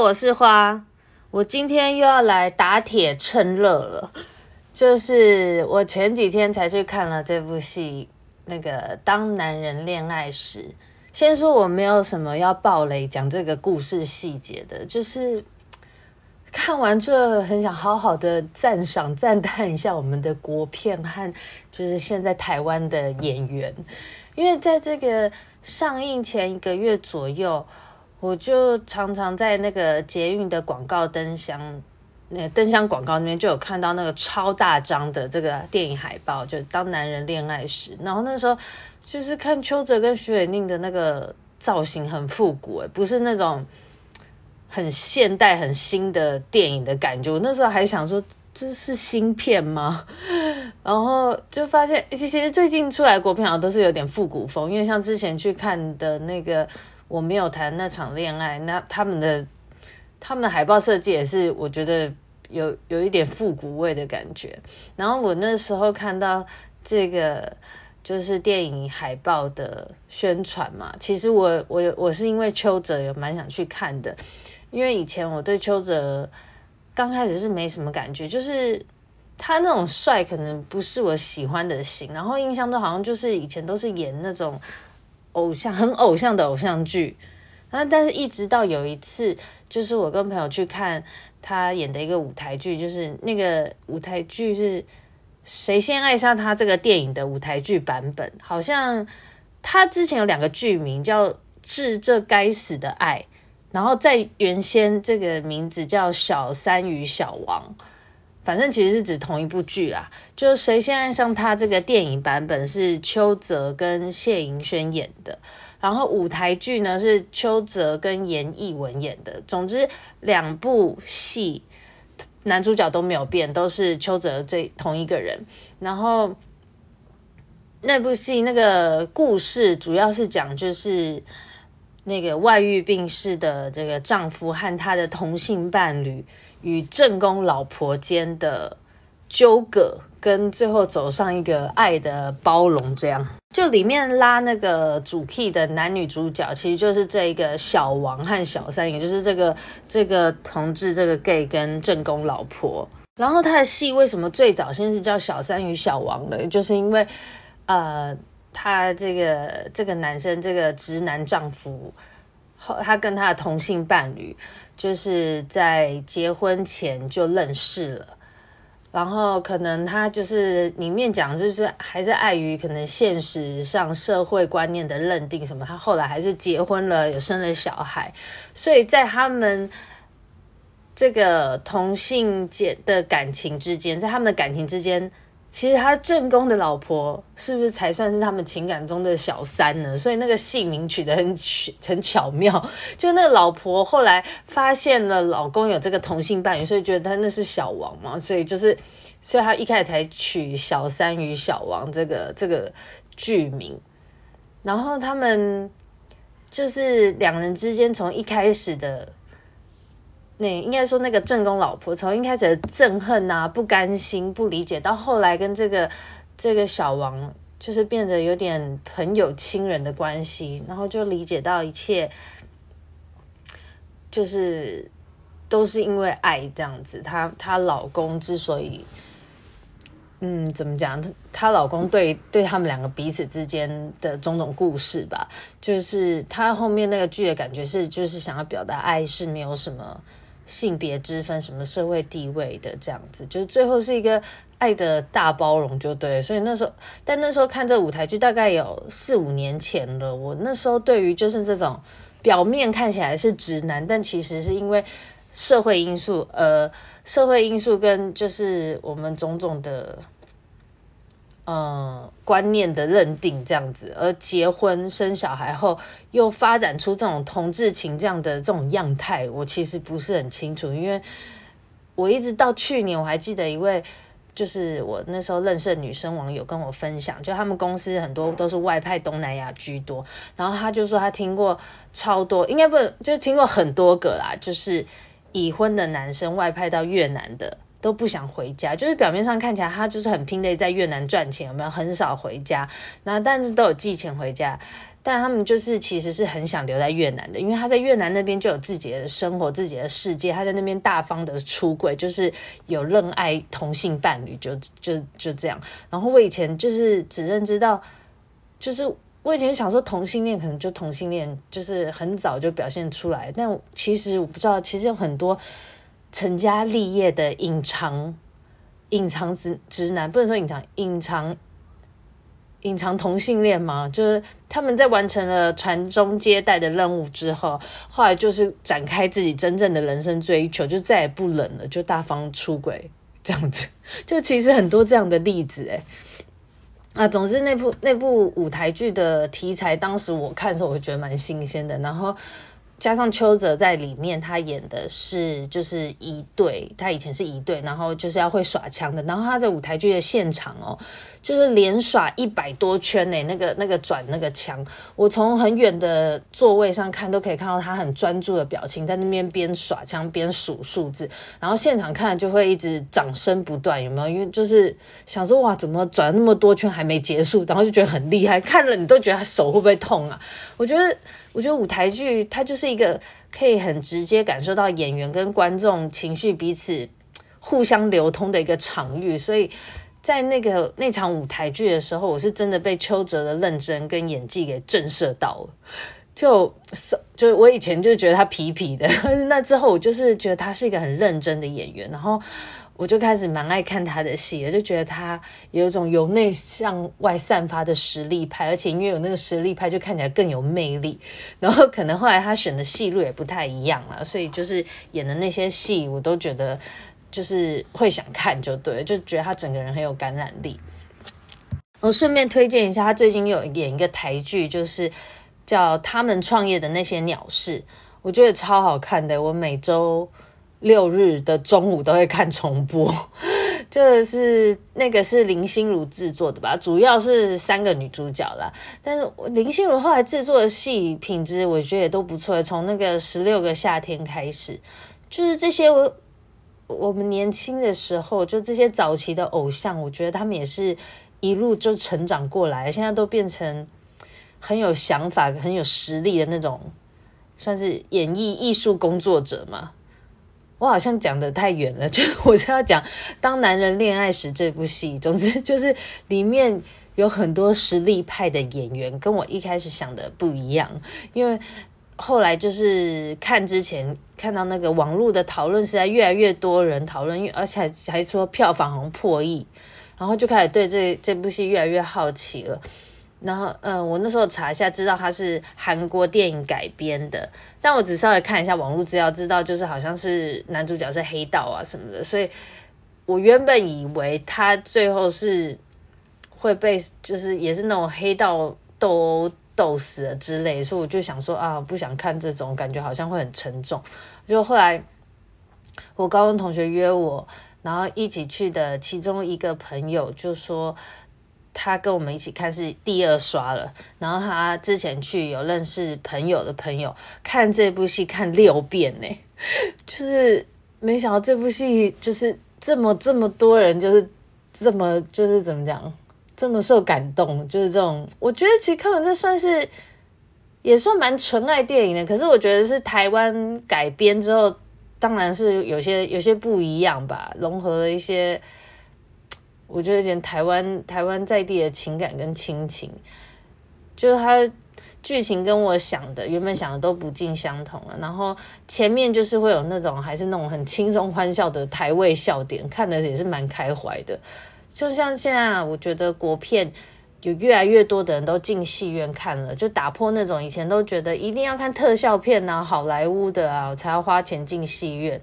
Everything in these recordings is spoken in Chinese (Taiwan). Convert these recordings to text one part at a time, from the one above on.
我是花，我今天又要來打鐵趁熱了。就是我前幾天才去看了這部戲，那個《當男人戀愛時》。先說我沒有什麼要爆雷講這個故事細節的，就是看完之後很想好好的讚賞讚嘆一下我們的國片和就是現在台灣的演員，因為在這個上映前一個月左右。我就常常在那個捷運的廣告燈箱，那燈箱廣告那邊就有看到那個超大張的這個電影海報，就《當男人戀愛時》。然後那時候就是看邱澤跟許瑋甯的那個造型很復古，欸，不是那種很現代、很新的電影的感覺。我那時候還想說這是新片嗎？然後就發現，其實最近出來的國片好像都是有點復古風，因為像之前去看的那個。我沒有談那場戀愛，那他們的他們的海報設計也是，我覺得有有一點復古味的感覺。然後我那時候看到這個就是電影海報的宣傳嘛，其實我我我是因為邱澤有蠻想去看的，因為以前我對邱澤剛開始是沒什麼感覺，就是他那種帥可能不是我喜歡的型，然後印象中好像就是以前都是演那種。偶像很偶像的偶像劇，啊！但是，一直到有一次，就是我跟朋友去看他演的一個舞台劇，就是那個舞台劇是《誰先愛上他》這個電影的舞台劇版本。好像他之前有兩個劇名叫《致這該死的愛》，然後在原先這個名字叫《小三與小王》。反正其實是指同一部劇啦，就是誰先愛上他這個電影版本是邱澤跟謝盈萱演的，然後舞台劇呢是邱澤跟嚴藝文演的。總之，兩部戲男主角都沒有變，都是邱澤這同一個人。然後那部戲那個故事主要是講就是那個外遇病逝的這個丈夫和他的同性伴侶。與正宮老婆間的糾葛，跟最後走上一個愛的包容，這樣就裡面拉那個主 key 的男女主角，其實就是這一個小王和小三，也就是這個這個同志這個 gay 跟正宮老婆。然後他的戲為什麼最早先是叫《小三與小王》的，就是因為呃，他這個這個男生這個直男丈夫，後他跟他的同性伴侶。就是在結婚前就認識了，然後可能他就是裡面講，就是還是礙於可能現實上社會觀念的認定什麼，他後來還是結婚了，有生了小孩，所以在他們這個同性間的感情之間，在他們的感情之間。其實他正宮的老婆是不是才算是他們情感中的小三呢？所以那個戲名取得很巧，很巧妙。就那個老婆後來發現了老公有這個同性伴侶，所以覺得他那是小王嘛，所以就是，所以他一開始才取“小三與小王”這個這個劇名。然後他們就是兩人之間從一開始的。那應該說，那個正宮老婆從一開始的憎恨啊、不甘心、不理解，到後來跟這個這個小王，就是變得有點朋友、親人的關係，然後就理解到一切，就是都是因為愛這樣子。她她老公之所以，嗯，怎麼講？她她老公對對他們兩個彼此之間的種種故事吧，就是她後面那個劇的感覺是，就是想要表達愛是沒有什麼。性別之分，什麼社會地位的這樣子，就是最後是一個愛的大包容，就對。所以那時候，但那時候看這舞台劇大概有四五年前了。我那時候對於就是這種表面看起來是直男，但其實是因為社會因素，呃，社會因素跟就是我們種種的。嗯，觀念的認定這樣子，而結婚生小孩後，又發展出這種同志情這樣的這種樣態，我其實不是很清楚。因為我一直到去年，我還記得一位，就是我那時候認識的女生網友跟我分享，就他們公司很多都是外派東南亞居多，然後他就說他聽過超多，應該不，就是聽過很多個啦，就是已婚的男生外派到越南的。都不想回家，就是表面上看起來他就是很拼的在越南賺錢，有沒有很少回家，那但是都有寄錢回家，但他們就是其實是很想留在越南的，因為他在越南那邊就有自己的生活、自己的世界，他在那邊大方的出櫃，就是有認愛同性伴侶，就就就這樣。然後我以前就是只認知到，就是我以前想說同性戀可能就同性戀，就是很早就表現出來，但其實我不知道，其實有很多。成家立業的隱藏，隱藏直直男不能說隱藏隱藏，隱藏同性戀嘛。就是他們在完成了傳宗接代的任務之後，後來就是展開自己真正的人生追求，就再也不冷了，就大方出軌這樣子。就其實很多這樣的例子哎，啊，總之那部那部舞台劇的題材，當時我看的時候，我覺得蠻新鮮的，然後。加上邱澤在裡面，他演的是就是一隊，他以前是一隊，然後就是要會耍槍的，然後他在舞台劇的現場哦。就是連耍一百多圈呢、欸，那個那個轉那個槍。我從很遠的座位上看都可以看到他很專注的表情，在那邊邊耍槍邊數數字，然後現場看就會一直掌聲不斷，有沒有？因為就是想說哇，怎麼轉那麼多圈還沒結束？然後就覺得很厲害，看了你都覺得他手會不會痛啊？我覺得，我覺得舞台劇它就是一個可以很直接感受到演員跟觀眾情緒彼此互相流通的一個場域，所以。在那個那場舞台劇的時候，我是真的被邱澤的認真跟演技給震懾到了。就，就我以前就覺得他痞痞的，那之後我就是覺得他是一個很認真的演員，然後我就開始蠻愛看他的戲，我就覺得他有一種由內向外散發的實力派，而且因為有那個實力派，就看起來更有魅力。然後可能後來他選的戲路也不太一樣了，所以就是演的那些戲，我都覺得。就是會想看，就對，就覺得他整個人很有感染力。我順便推薦一下，他最近有演一個台劇，就是叫《他們創業的那些鳥事》，我覺得超好看的。我每周六日的中午都會看重播。就是那個是林心如製作的吧，主要是三個女主角啦。但是林心如後來製作的戲品質，我覺得也都不錯。從那個《十六個夏天》開始，就是這些我。我們年輕的時候，就這些早期的偶像，我覺得他們也是一路就成長過來，現在都變成很有想法、很有實力的那種，算是演藝藝術工作者嘛。我好像講得太遠了，就是、我是要講《當男人戀愛時》這部戲。總之就是裡面有很多實力派的演員，跟我一開始想的不一樣，因為。後來就是看之前看到那個網絡的討論，實在越來越多人討論，而且還說票房紅破億，然後就開始對這這部戲越來越好奇了。然後，嗯，我那時候查一下，知道他是韓國電影改編的，但我只稍微看一下網絡資料，知道就是好像是男主角是黑道啊什麼的，所以我原本以為他最後是會被，就是也是那種黑道鬥毆。鬥死了之類，所以我就想說啊，不想看這種，感覺好像會很沉重。就後來我高中同學約我，然後一起去的其中一個朋友就說，他跟我們一起看是第二刷了。然後他之前去有認識朋友的朋友看這部戲看六遍呢、欸，就是沒想到這部戲就是這麼這麼多人，就是這麼就是怎麼講。這麼受感動，就是這種。我覺得其實看完這算是也算蠻純愛電影的，可是我覺得是台灣改編之後，當然是有些有些不一樣吧，融合了一些我覺得有點台灣台灣在地的情感跟親情。就是他劇情跟我想的原本想的都不盡相同了，然後前面就是會有那種還是那種很輕鬆歡笑的台味笑點，看得也是蠻開懷的。就像現在啊，我覺得國片有越來越多的人都進戲院看了，就打破那種以前都覺得一定要看特效片啊、好萊塢的啊，我才要花錢進戲院。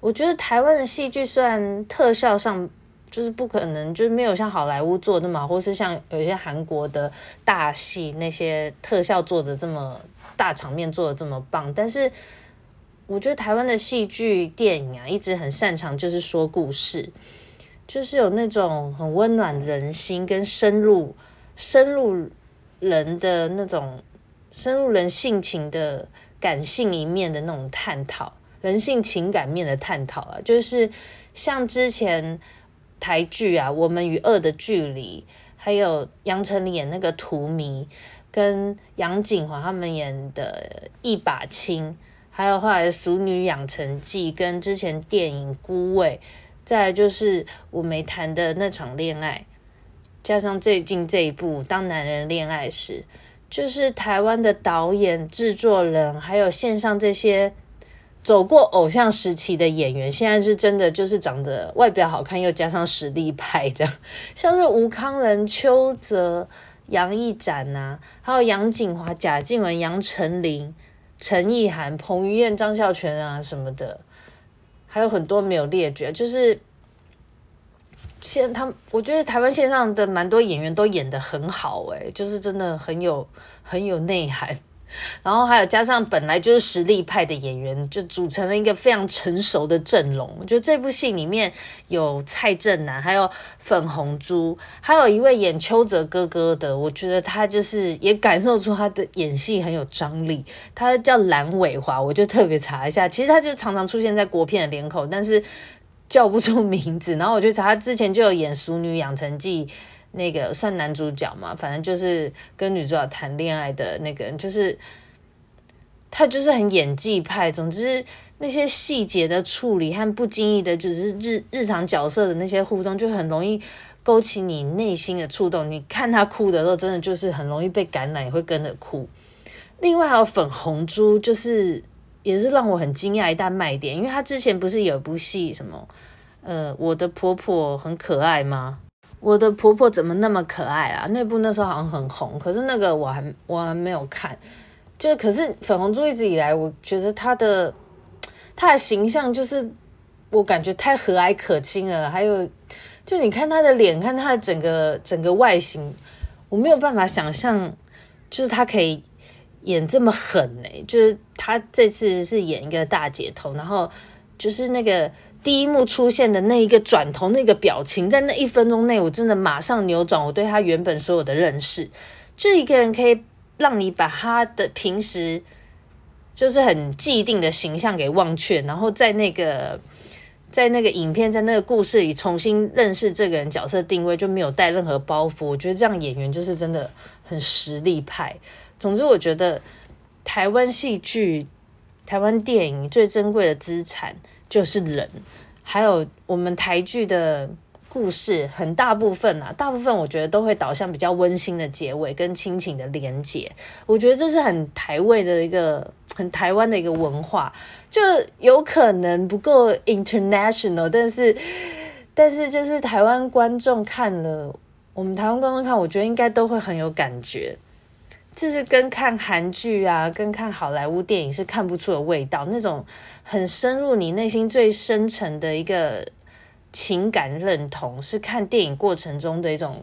我覺得台灣的戲劇雖然特效上就是不可能，就是沒有像好萊塢做的嘛，或是像有一些韓國的大戲那些特效做的這麼大場面做的這麼棒，但是我覺得台灣的戲劇電影啊，一直很擅長就是說故事。就是有那種很溫暖的人心、跟深入深入人的那種深入人性情的感性一面的那種探討，人性情感面的探討啊，就是像之前台劇啊，我們與惡的距離，還有楊丞琳演那個《荼蘼》，跟楊謹華他們演的一把青，還有後來《俗女養成記》，跟之前電影《孤味》。再來就是我沒談的那場戀愛，加上最近這一部《當男人戀愛時》，就是台灣的導演、製作人，還有線上這些走過偶像時期的演員，現在是真的就是長得外表好看，又加上實力派，這樣像是吳慷仁、邱澤、楊一展吶、啊，還有楊謹華、賈靜雯、楊丞琳、陳意涵、彭於晏、張孝全啊什麼的。還有很多沒有列舉，就是現他們，我覺得台灣線上的蠻多演員都演得很好，誒，就是真的很有很有內涵。然後還有加上本來就是實力派的演員，就組成了一個非常成熟的陣容。我覺得這部戲裡面有蔡振南，還有粉紅豬，還有一位演邱澤哥哥的。我覺得他就是也感受出他的演戲很有張力。他叫藍偉華，我就特別查一下，其實他就常常出現在國片的臉孔，但是叫不出名字。然後我就查，他之前就有演《俗女養成記》。那個算男主角嘛，反正就是跟女主角談戀愛的那個人，就是他就是很演技派。總之那些細節的處理和不經意的，就是日日常角色的那些互動，就很容易勾起你內心的觸動。你看他哭的時候，真的就是很容易被感染，也會跟着哭。另外還有粉紅豬，就是也是讓我很驚訝一大賣點，因為他之前不是有一部戲什麼，呃，我的婆婆很可愛嗎？我的婆婆怎麼那麼可愛啊？那部那時候好像很紅，可是那個我還我還沒有看。就可是粉紅豬一直以來，我覺得她的她的形象就是我感覺太和藹可親了。還有，就你看她的臉，看她的整個整個外形，我沒有辦法想象，就是她可以演這麼狠呢、欸。就是她這次是演一個大姐頭，然後就是那個。第一幕出現的那一個轉頭，那個表情，在那一分鐘內，我真的馬上扭轉我對他原本所有的認識。就一個人可以讓你把他的平時就是很既定的形象給忘卻，然後在那個，在那個影片，在那個故事裡重新認識這個人，角色定位，就沒有帶任何包袱。我覺得這樣演員就是真的很實力派。總之，我覺得台灣戲劇、台灣電影最珍貴的資產。就是人，還有我們台劇的故事，很大部分啊，大部分我覺得都會導向比較溫馨的結尾跟親情的連結。我覺得這是很台味的一個，很台灣的一個文化，就有可能不夠 international，但是但是就是台灣觀眾看了，我們台灣觀眾看，我覺得應該都會很有感覺。就是跟看韓劇啊，跟看好萊塢電影是看不出的味道，那種很深入你內心最深層的一個情感認同，是看電影過程中的一種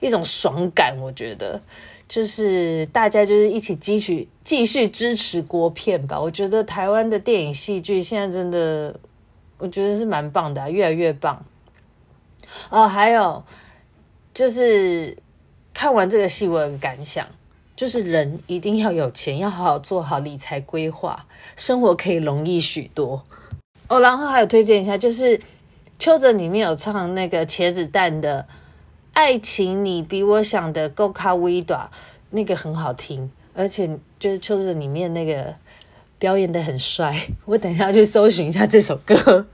一種爽感。我覺得，就是大家就是一起繼續繼續支持國片吧。我覺得台灣的電影戲劇現在真的，我覺得是蠻棒的啊，越來越棒。哦，還有就是看完這個戲，我很感想。就是人一定要有錢，要好好做好理財規劃，生活可以容易許多。哦，oh, 然後還有推薦一下，就是邱澤裡面有唱那個茄子蛋的《愛情》，你比我想的閣較偉大，那個很好聽，而且就是邱澤裡面那個表演得很帥，我等一下要去搜尋一下這首歌。